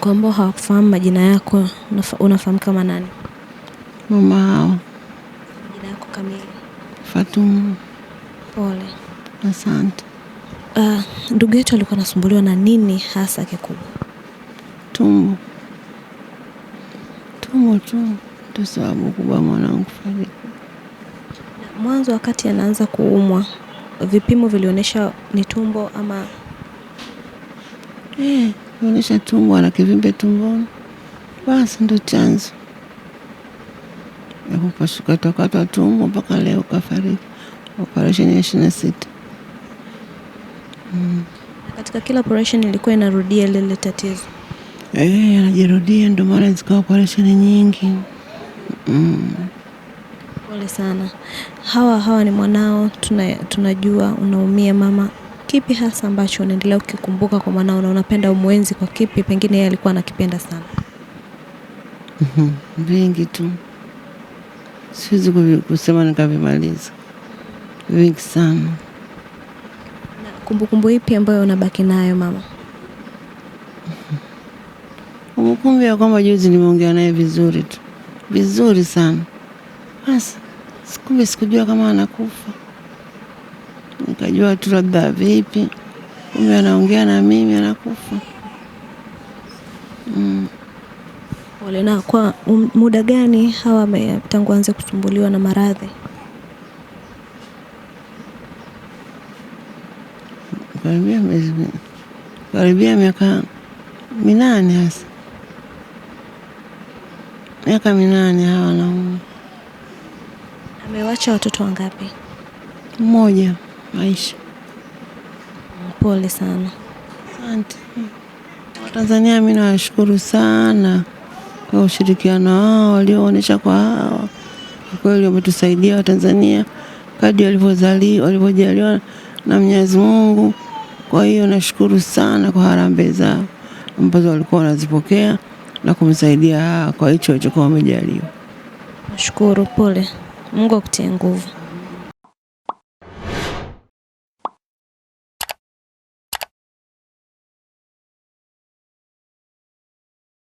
Kwa ambao hawakufahamu majina yako unafahamu kama nani? Mama hao. majina yako kamili? Fatuma. Pole. Asante. Ah, ndugu yetu alikuwa anasumbuliwa na nini hasa kikubwa? Tumbo. Tumbo tu ndio sababu kubwa mwanangu kufariki. Mwanzo wakati anaanza kuumwa, vipimo vilionyesha ni tumbo ama eh? onyesha tumbo, ana kivimbe tumboni, basi ndo chanzo kupashukatwakatwa tumbo mpaka leo kafariki, operesheni ya ishirini na sita. Mm. Katika kila operesheni ilikuwa inarudia lile tatizo eh, anajirudia, ndio maana zikawa operesheni nyingi. Mm. Pole sana. Hawa hawa ni mwanao, tunajua tuna unaumia mama, kipi hasa ambacho unaendelea ukikumbuka kwa mwanao na unapenda umwenzi kwa kipi, pengine yeye alikuwa anakipenda sana? Vingi mhm. tu, siwezi kusema nikavimaliza, vingi sana. Na kumbukumbu ipi ambayo unabaki nayo mama? Kumbukumbu ya kwamba juzi nimeongea naye vizuri tu, vizuri sana. Basi sikumbe, sikujua kama anakufa nikajua tu labda vipi, kumbe anaongea na mimi anakufa. Mm. Olena, kwa muda gani hawa tangu anze kusumbuliwa na maradhi? Karibia miezi karibia miaka minane hasa, miaka minane hawa. Nauma. Amewacha watoto wangapi? Mmoja maisha. pole sana. Asante Tanzania, mimi nawashukuru sana kwa ushirikiano wao walioonyesha kwa hawa, kwa kweli wametusaidia Watanzania kadri walivyozali walivyojaliwa na Mwenyezi Mungu. Kwa hiyo nashukuru sana kwa harambee zao ambazo walikuwa wanazipokea na kumsaidia kwa hicho alichokuwa wamejaliwa. Nashukuru, pole. Mungu akutie nguvu.